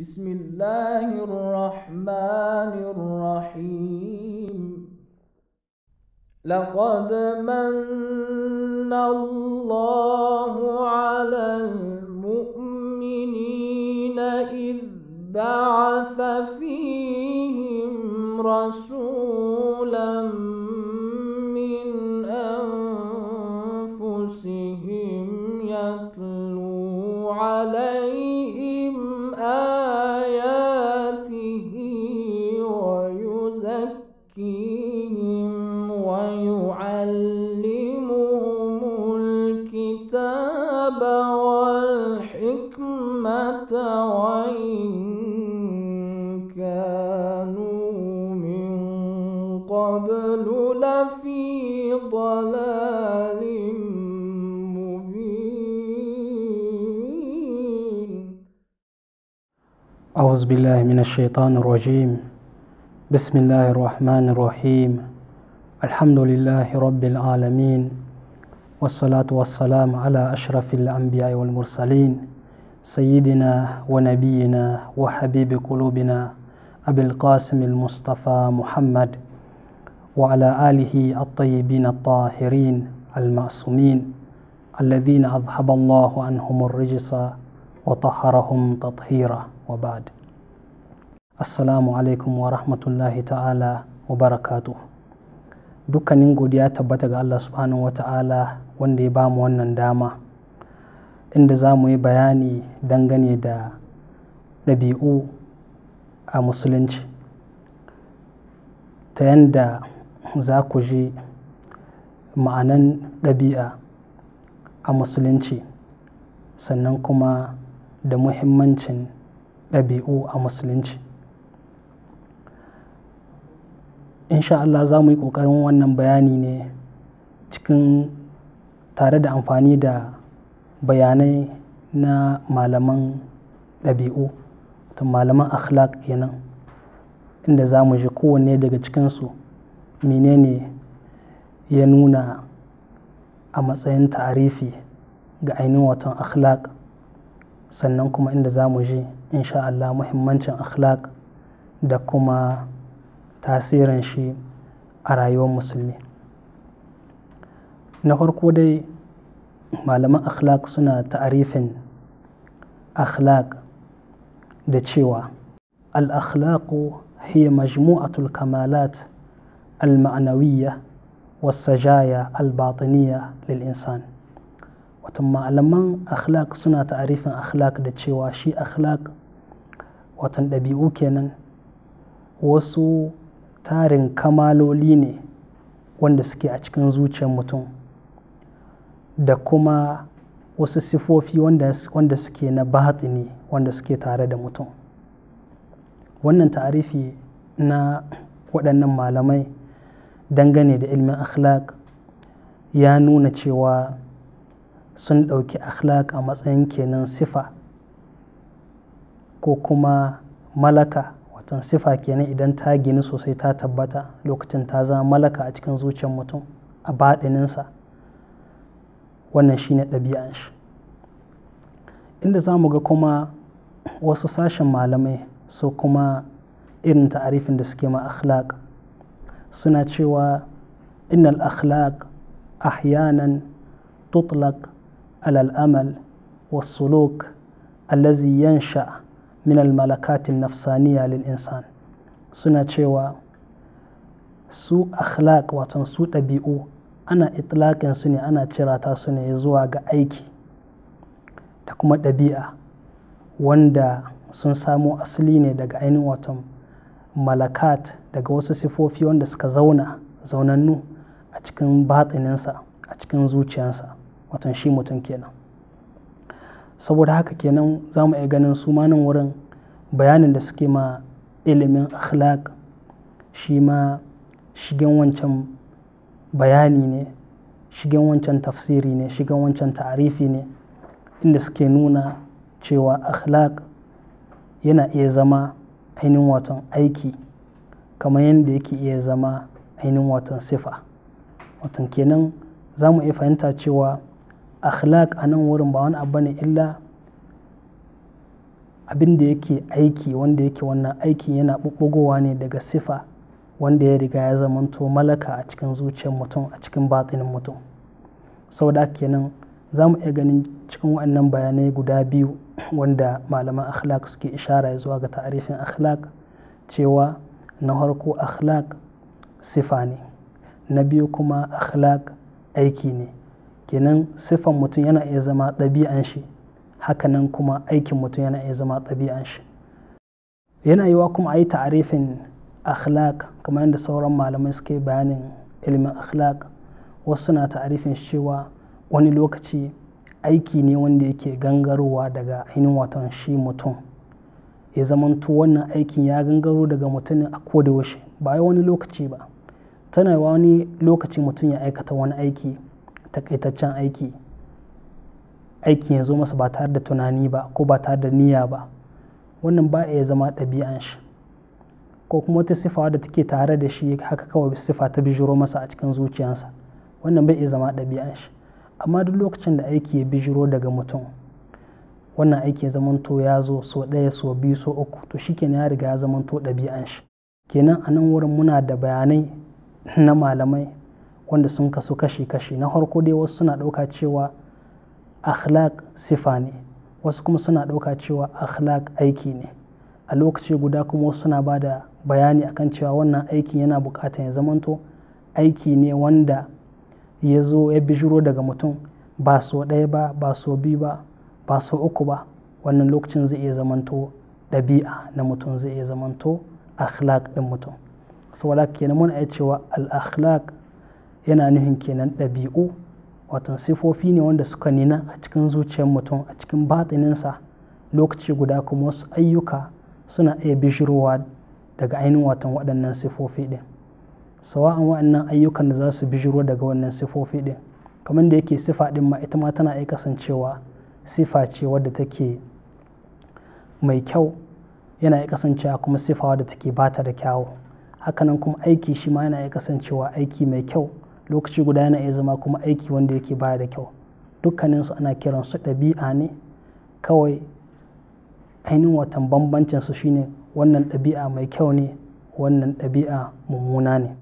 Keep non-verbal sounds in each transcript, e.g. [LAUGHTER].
بسم الله الرحمن الرحيم لقد من الله على المؤمنين إذ بعث فيهم رسولا بالله من الشيطان الرجيم بسم الله الرحمن الرحيم الحمد لله رب العالمين والصلاة والسلام على أشرف الأنبياء والمرسلين سيدنا ونبينا وحبيب قلوبنا أبي القاسم المصطفى محمد وعلى آله الطيبين الطاهرين المعصومين الذين أذهب الله عنهم الرجس وطهرهم تطهيرا وبعد assalamu alaikum wa rahmatullahi ta'ala wa barakatu dukkanin godiya tabbata ga Allah subhanahu wa ta'ala wanda ya bamu wannan dama inda za mu yi bayani dangane da ɗabi'u a musulunci ta yadda za ku ji ma'anan ɗabi'a a musulunci sannan kuma da muhimmancin ɗabi'u a musulunci insha Allah za mu yi ƙoƙarin wannan bayani ne cikin tare da amfani da bayanai na malaman ɗabi'u ta malaman akhlaq kenan inda za mu ji kowanne daga cikinsu menene ya nuna a matsayin ta'arifi ga ainihin watan akhlaq sannan kuma inda za mu ji insha Allah muhimmancin akhlaq da kuma tasirin shi a rayuwar musulmi na farko dai malaman akhlaq suna ta'arifin akhlaq da cewa al-akhlaqu hiya majmu'atul kamalat al-ma'nawiyya والسجايا lil insan Wata malaman أخلاق suna تعريف أخلاق da cewa shi أخلاق watan ɗabi'u kenan wasu tarin kamaloli ne wanda suke a cikin zuciyar mutum da kuma wasu sifofi wanda suke na batini wanda suke tare da mutum wannan tarifi na waɗannan malamai dangane da ilmin akhlaq ya nuna cewa sun ɗauki akhlaq a matsayin kenan sifa ko kuma malaka watan sifa kenan idan ta gini sosai ta tabbata lokacin ta zama malaka a cikin zuciyar mutum a baɗininsa wannan shine ɗabi'an shi inda za mu ga kuma wasu sashen malamai su kuma irin ta'arifin da suke ma akhlaq suna cewa innal akhlaq ahyanan tutlaq alal amal wasuluk allazi yansha' min almalakatin nafsaniya lil insan suna cewa su akhlaq watan su ɗabi'u ana itlaƙin su ne ana cirata su ne zuwa ga aiki da kuma ɗabi'a wanda sun samo asali ne daga ainihin watan malakat daga wasu sifofi wanda suka zauna zaunannu a cikin baɗininsa a cikin zuciyansa watan shi mutum kenan saboda haka kenan za mu iya ganin sumanin wurin bayanin da suke ma ilimin akhlaq shi ma shigen wancan bayani ne shigen wancan tafsiri ne shigen wancan ta'arifi ne inda suke nuna cewa akhlaq yana iya zama ainihin watan aiki kamar yadda yake iya zama ainihin watan sifa watan kenan za mu iya fahimta cewa akhlaq a nan wurin ba wani abu ne illa abin da yake aiki wanda yake wannan aikin yana ɓuɓɓugowa ne daga sifa wanda ya riga ya zamanto malaka a cikin zuciyar mutum a cikin batinin mutum saboda kenan za mu iya ganin cikin waɗannan bayanai guda biyu [CLEARS THROAT] wanda malaman akhlaq suke ishara zuwa ga ta'arifin akhlaq cewa na harko akhlaq sifa ne na biyu kuma akhlaq aiki ne kenan siffan mutum yana iya zama ɗabi'an shi hakanan kuma aikin mutum yana iya zama ɗabi'an shi yana yiwa kuma a yi ta'arifin akhlaq kamar yadda sauran malamai suke bayanin ilimin akhlaq wasu suna ta'arifin cewa wani lokaci aiki ne wanda yake gangarowa daga ainihin watan shi mutum ya zamanto wannan aikin ya gangaro daga mutum a yaushe ba wani lokaci ba tana wani lokaci mutum ya aikata wani aiki takaitaccen aiki aiki ya zo masa ba tare da tunani ba ko ba tare da niyya ba wannan ba ya zama ɗabi'an shi ko kuma wata sifa da take tare da shi haka kawai sifa ta bijiro masa a cikin zuciyarsa, wannan bai iya zama ɗabi'an shi amma duk lokacin da aiki ya bijiro daga mutum wannan aiki ya zamanto ya zo so ɗaya so biyu so uku to shi ya riga ya zamanto ɗabi'an shi kenan a nan wurin muna da bayanai na malamai wanda sun kasu kashi-kashi na harko dai wasu suna ɗauka cewa akhlaq sifa ne wasu kuma suna ɗauka cewa akhlaq aiki ne a lokaci guda kuma wasu suna ba da bayani akan cewa wannan aiki yana buƙatar ya zamanto aiki ne wanda ya zo ya bijiro daga mutum ba so ɗaya ba ba so biyu ba ba so uku ba wannan lokacin zai iya zamanto ɗabi'a na mutum zai iya zamanto akhlaq ɗin mutum saboda kenan muna iya cewa al-akhlaq yana nuhin kenan ɗabi'u watan sifofi ne wanda suka nina a cikin zuciyar mutum a cikin batininsa lokaci guda kuma wasu ayyuka suna iya bishirowa daga ainihin watan waɗannan sifofi ɗin sawa'an waɗannan ayyukan da za su bishiro daga wannan sifofi ɗin kamar da yake sifa ɗin ma ita ma tana iya kasancewa sifa ce wadda take mai kyau yana iya kasancewa kuma sifa wadda take bata da kyawu hakanan kuma aiki shi ma yana iya kasancewa aiki mai kyau lokaci guda yana iya zama kuma aiki wanda yake baya da kyau dukkaninsu ana kiran su ɗabi'a ne kawai ainihin watan bambancinsu shine wannan ɗabi'a mai kyau ne wannan ɗabi'a mummuna ne.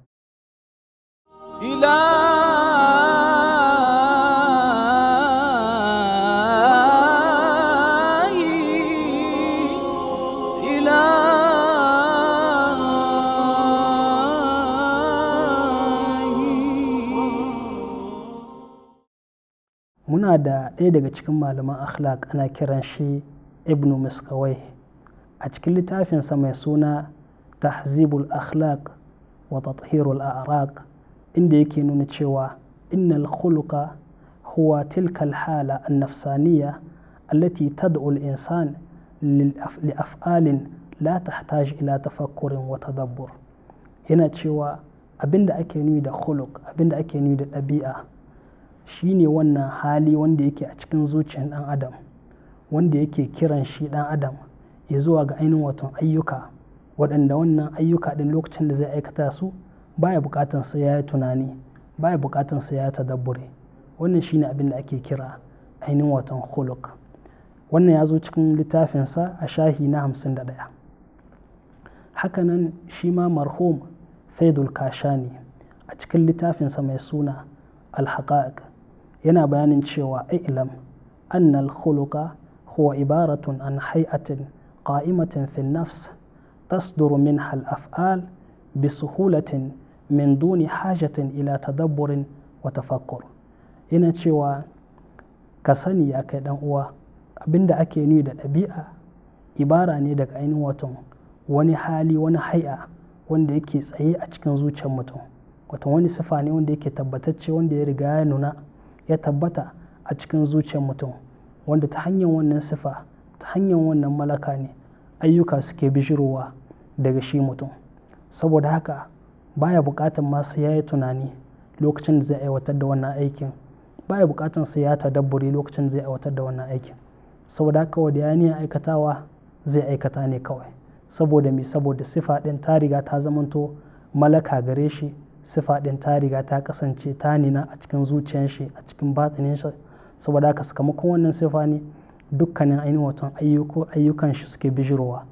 muna da ɗaya daga cikin malaman akhlaq ana kiran shi ibn miskawai a cikin littafinsa mai suna tahzibul akhlaq wa tathirul a'raq inda yake nuna cewa innal khuluqa huwa tilka alhala an-nafsaniyya allati tad'u al-insan li af'alin la tahtaj ila tafakkurin wa tadabbur yana cewa abinda ake nuni da khuluq abinda ake nuni da ɗabi'a Shi ne wannan hali wanda yake a cikin zuciyar ɗan adam wanda yake kiran shi ɗan adam ya zuwa ga ainihin watan ayyuka waɗanda wannan ayyuka ɗin lokacin da zai aikata su baya buƙatar sai ya yi tunani baya buƙatar sai ya tadabbure wannan shi ne abin da ake kira ainihin watan huluk wannan ya zo cikin littafinsa a shahi na hamsin da ɗaya hakanan shi ma marhum faidul kashani a cikin littafinsa mai suna al yana bayanin cewa ilam annal khuluqa huwa ibaratun an hay'atin qa'imatin fil nafs tasduru minha al af'al bi suhulatin min duni hajatin ila tadabburin wa tafakkur yana cewa ka sani ya kai dan uwa abinda ake nuni da ɗabi'a ibara ne daga ainihin watan wani hali wani hai'a wanda yake tsaye a cikin zuciyar mutum watan wani sifa ne wanda yake tabbatacce wanda ya riga ya nuna ya tabbata a cikin zuciyar mutum wanda ta hanyar wannan sifa ta hanyar wannan malaka ne ayyuka suke bishirowa daga shi mutum saboda haka baya buƙatar masu ya yi tunani lokacin da zai aiwatar da wannan aikin baya buƙatar sai ya tadabburi lokacin zai aiwatar da wannan aikin saboda haka wadda ya niyan aikatawa zai aikata ne kawai saboda me saboda sifa ɗin ta riga ta zamanto malaka gare shi sifa ɗin ta riga ta kasance ta nina a cikin zuciyar shi a cikin batinin shi saboda haka sakamakon wannan sifa ne dukkanin ainihin watan ayyuko ayyukan shi suke bijirowa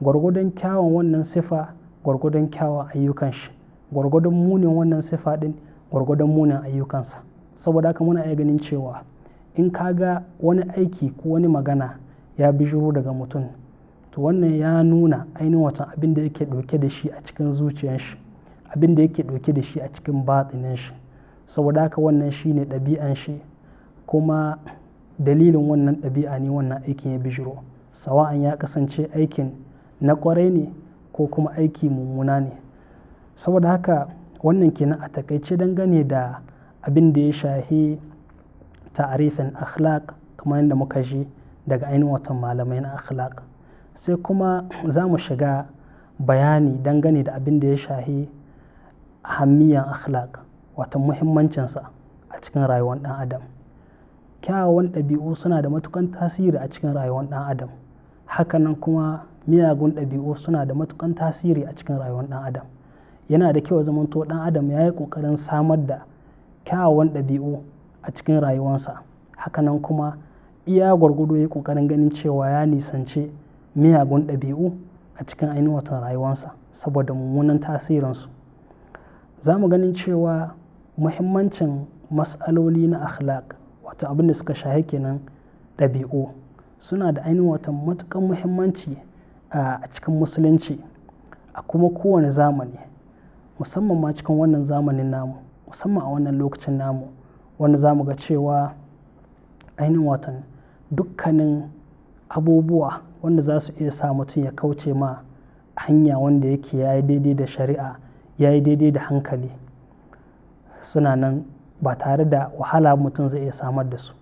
gwargwadon kyawun wannan sifa gwargwadon kyawun ayyukan shi gwargwadon munin wannan sifa ɗin gwargwadon munin ayyukansa saboda haka muna iya ganin cewa in ka ga wani aiki ko wani magana ya bijiro daga mutum to wannan ya nuna ainihin watan abin da yake ɗauke da shi a cikin zuciyar shi abin da yake ɗauke da shi a cikin batsinin shi saboda haka wannan shi ne ɗabi'an shi kuma dalilin wannan ɗabi'a ne wannan aikin ya bijiro sawa'an ya kasance aikin na kwarai ne ko kuma aiki mummuna ne saboda haka wannan kenan a takaice dangane da abin da ya shahi ta'arifin akhlaq kamar yadda muka ji daga ainihin watan malamai na akhlaq sai kuma za mu shiga bayani dangane da abin da ya shahi ahammiyan akhlaq wata muhimmancinsa a cikin rayuwar ɗan adam kyawawan ɗabi'u suna da matukan tasiri a cikin rayuwar ɗan adam hakanan kuma miyagun ɗabi'u suna da matukan tasiri a cikin rayuwar ɗan adam yana da kyau zamanto ɗan adam ya yi ƙoƙarin samar da kyawawan ɗabi'u a cikin rayuwarsa hakanan kuma iya gwargwado ya ƙoƙarin ganin cewa ya nisance miyagun ɗabi'u a cikin ainihin rayuwarsa saboda mummunan tasirinsu za mu ganin cewa muhimmancin matsaloli na akhlaq wato abin da suka shahe kenan ɗabi'u suna da ainihin wata matuƙar muhimmanci a cikin musulunci a kuma kowane zamani musamman ma cikin wannan zamanin namu musamman a wannan lokacin namu wanda za mu ga cewa ainihin watan dukkanin abubuwa wanda za su iya sa mutum ya kauce ma hanya wanda yake ya yi daidai da shari'a ya yi daidai da hankali suna nan ba tare da wahala mutum zai iya samar da su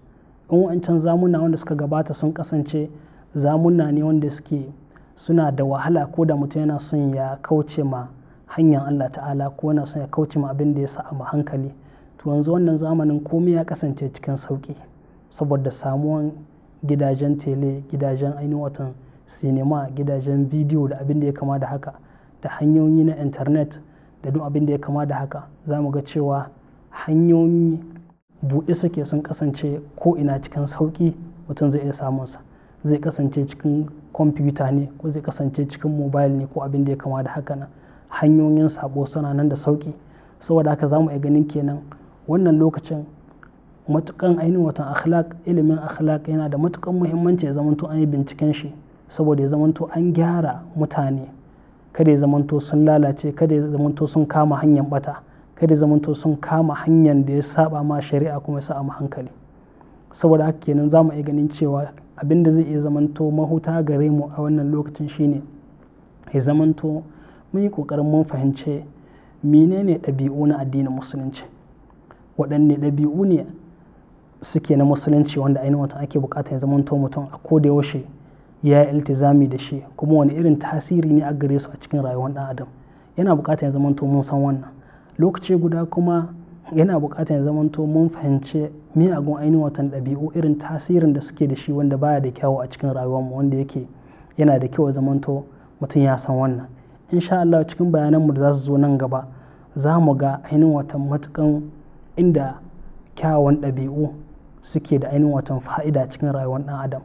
in wancan zamuna wanda suka gabata sun kasance zamuna ne wanda suke suna da wahala ko da mutum yana son ya kauce ma hanyar Allah ta'ala ko yana son ya kauce ma abin da ya sa ma hankali to yanzu wannan zamanin komai ya kasance cikin sauki saboda samuwan gidajen tele gidajen ainihin sinima gidajen bidiyo da abin da ya kama da haka da hanyoyi na intanet da duk abin da ya kama da haka za mu ga cewa hanyoyi buɗe suke sun kasance ko ina cikin sauƙi mutum zai iya samunsa zai kasance cikin kwamfuta ne ko zai kasance cikin mobil ne ko abin da ya kama da haka nan hanyoyin sabo suna nan da sauƙi saboda haka za mu iya ganin kenan wannan lokacin matukan ainihin watan akhlaq ilimin akhlaq yana da matukan muhimmanci ya zamanto an yi binciken shi saboda ya zamanto an gyara mutane kada ya zamanto sun lalace kada ya zamanto sun kama hanyar bata kada ya zamanto sun kama hanyar da ya saba ma shari'a kuma ya mu hankali saboda haka kenan za mu iya ganin cewa abin da zai iya zamanto mahuta gare mu a wannan lokacin shine ya zamanto mun yi kokarin mun fahimce menene dabi'u na addinin musulunci waɗanne ɗabi'u ne suke na musulunci wanda ainihin wata ake bukata ya zamanto mutum a koda yaushe ya yi iltizami da shi kuma wani irin tasiri ne a gare su a cikin rayuwar ɗan adam yana buƙatar ya zamanto mun san wannan lokaci guda kuma yana buƙatar ya zamanto mun fahimci miyagun ainihin watan ɗabi'u irin tasirin da suke da shi wanda baya da kyawu a cikin mu wanda yake yana da kyau ya zamanto mutum ya san wannan insha Allah cikin bayananmu da za su zo nan gaba za mu ga ainihin watan matukan inda kyawun ɗabi'u suke da ainihin watan fa'ida cikin rayuwar ɗan adam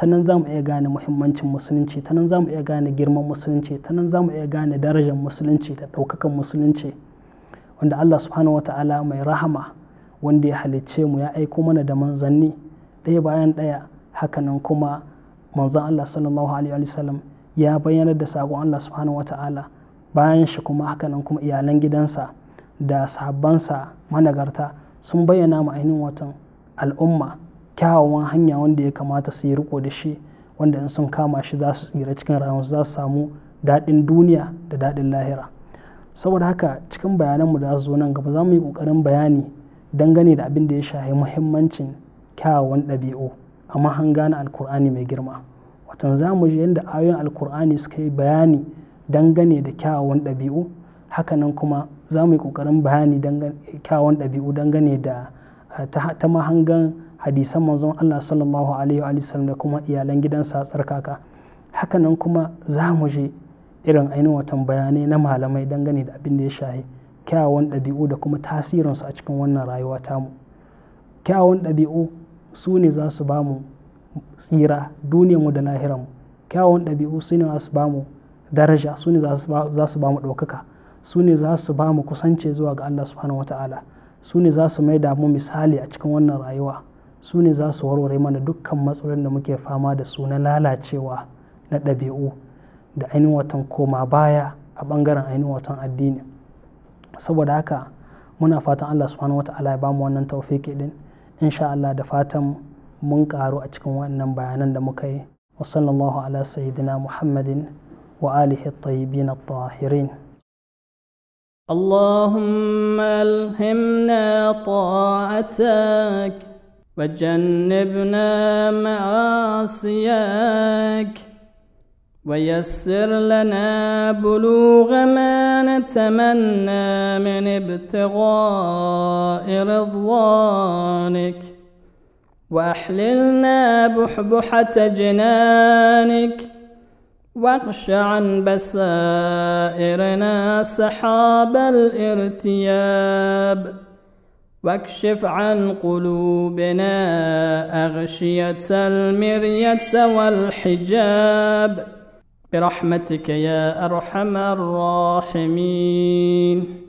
ta nan za mu iya gane muhimmancin musulunci ta nan za mu iya gane girman musulunci ta nan za mu iya gane darajar musulunci da ɗaukakan musulunci wanda allah subhanahu wa ta'ala mai rahama wanda ya halicce mu ya aiko mana da manzanni ɗaya bayan ɗaya hakanan kuma manzan allah sallallahu alaihi wa sallam ya bayyana da sabon allah subhanahu wa ta'ala bayan shi kuma hakanan kuma iyalan gidansa da sabansa managarta sun bayyana mu ainihin watan al'umma kyawawan hanya wanda ya kamata su yi riko da shi wanda in sun kama shi za su tsira cikin rayuwarsu za su samu daɗin duniya da daɗin lahira saboda haka cikin bayanan bayananmu da zo nan gaba za mu yi ƙoƙarin bayani dangane da abin da ya shahi muhimmancin kyawawan ɗabi'u a mahanga na alkur'ani mai girma watan za mu ji yadda ayoyin alkur'ani suka yi bayani dangane da kyawawan ɗabi'u hakanan kuma za mu yi ƙoƙarin bayani kyawawan ɗabi'u dangane da eh, ta mahangan hadisan manzon Allah sallallahu alaihi wa sallam da kuma iyalan gidansa tsarkaka hakanan kuma za mu je irin ainihin watan bayanai na malamai dangane da abin da ya shahi kyawun ɗabi'u da kuma tasirinsu a cikin wannan rayuwa tamu kyawun ɗabi'u su ne za su ba mu tsira duniyarmu da lahiranmu kyawawan ɗabi'u su ne za su ba mu daraja su ne za su ba mu ɗaukaka su ne za su ba mu kusance zuwa ga Allah subhanahu wa ta'ala su ne za su mai da mu misali a cikin wannan rayuwa sune za su warware mana dukkan matsalolin da muke fama da su na lalacewa na dabi'u da ainihin watan koma baya a bangaren ainihin watan addini saboda haka muna fatan allah subhanahu wata'ala ya ba mu wannan tawfiki din insha allah da fatan mun karu a cikin wannan bayanan da muka yi wa sallallahu ala sayyidina muhammadin wa alihi at-tayyibin at-tahirin اللهم الهمنا طاعتك وجنبنا معاصيك ويسر لنا بلوغ ما نتمنى من ابتغاء رضوانك واحللنا بحبحه جنانك واغش عن بسائرنا سحاب الارتياب واكشف عن قلوبنا أغشية المرية والحجاب برحمتك يا أرحم الراحمين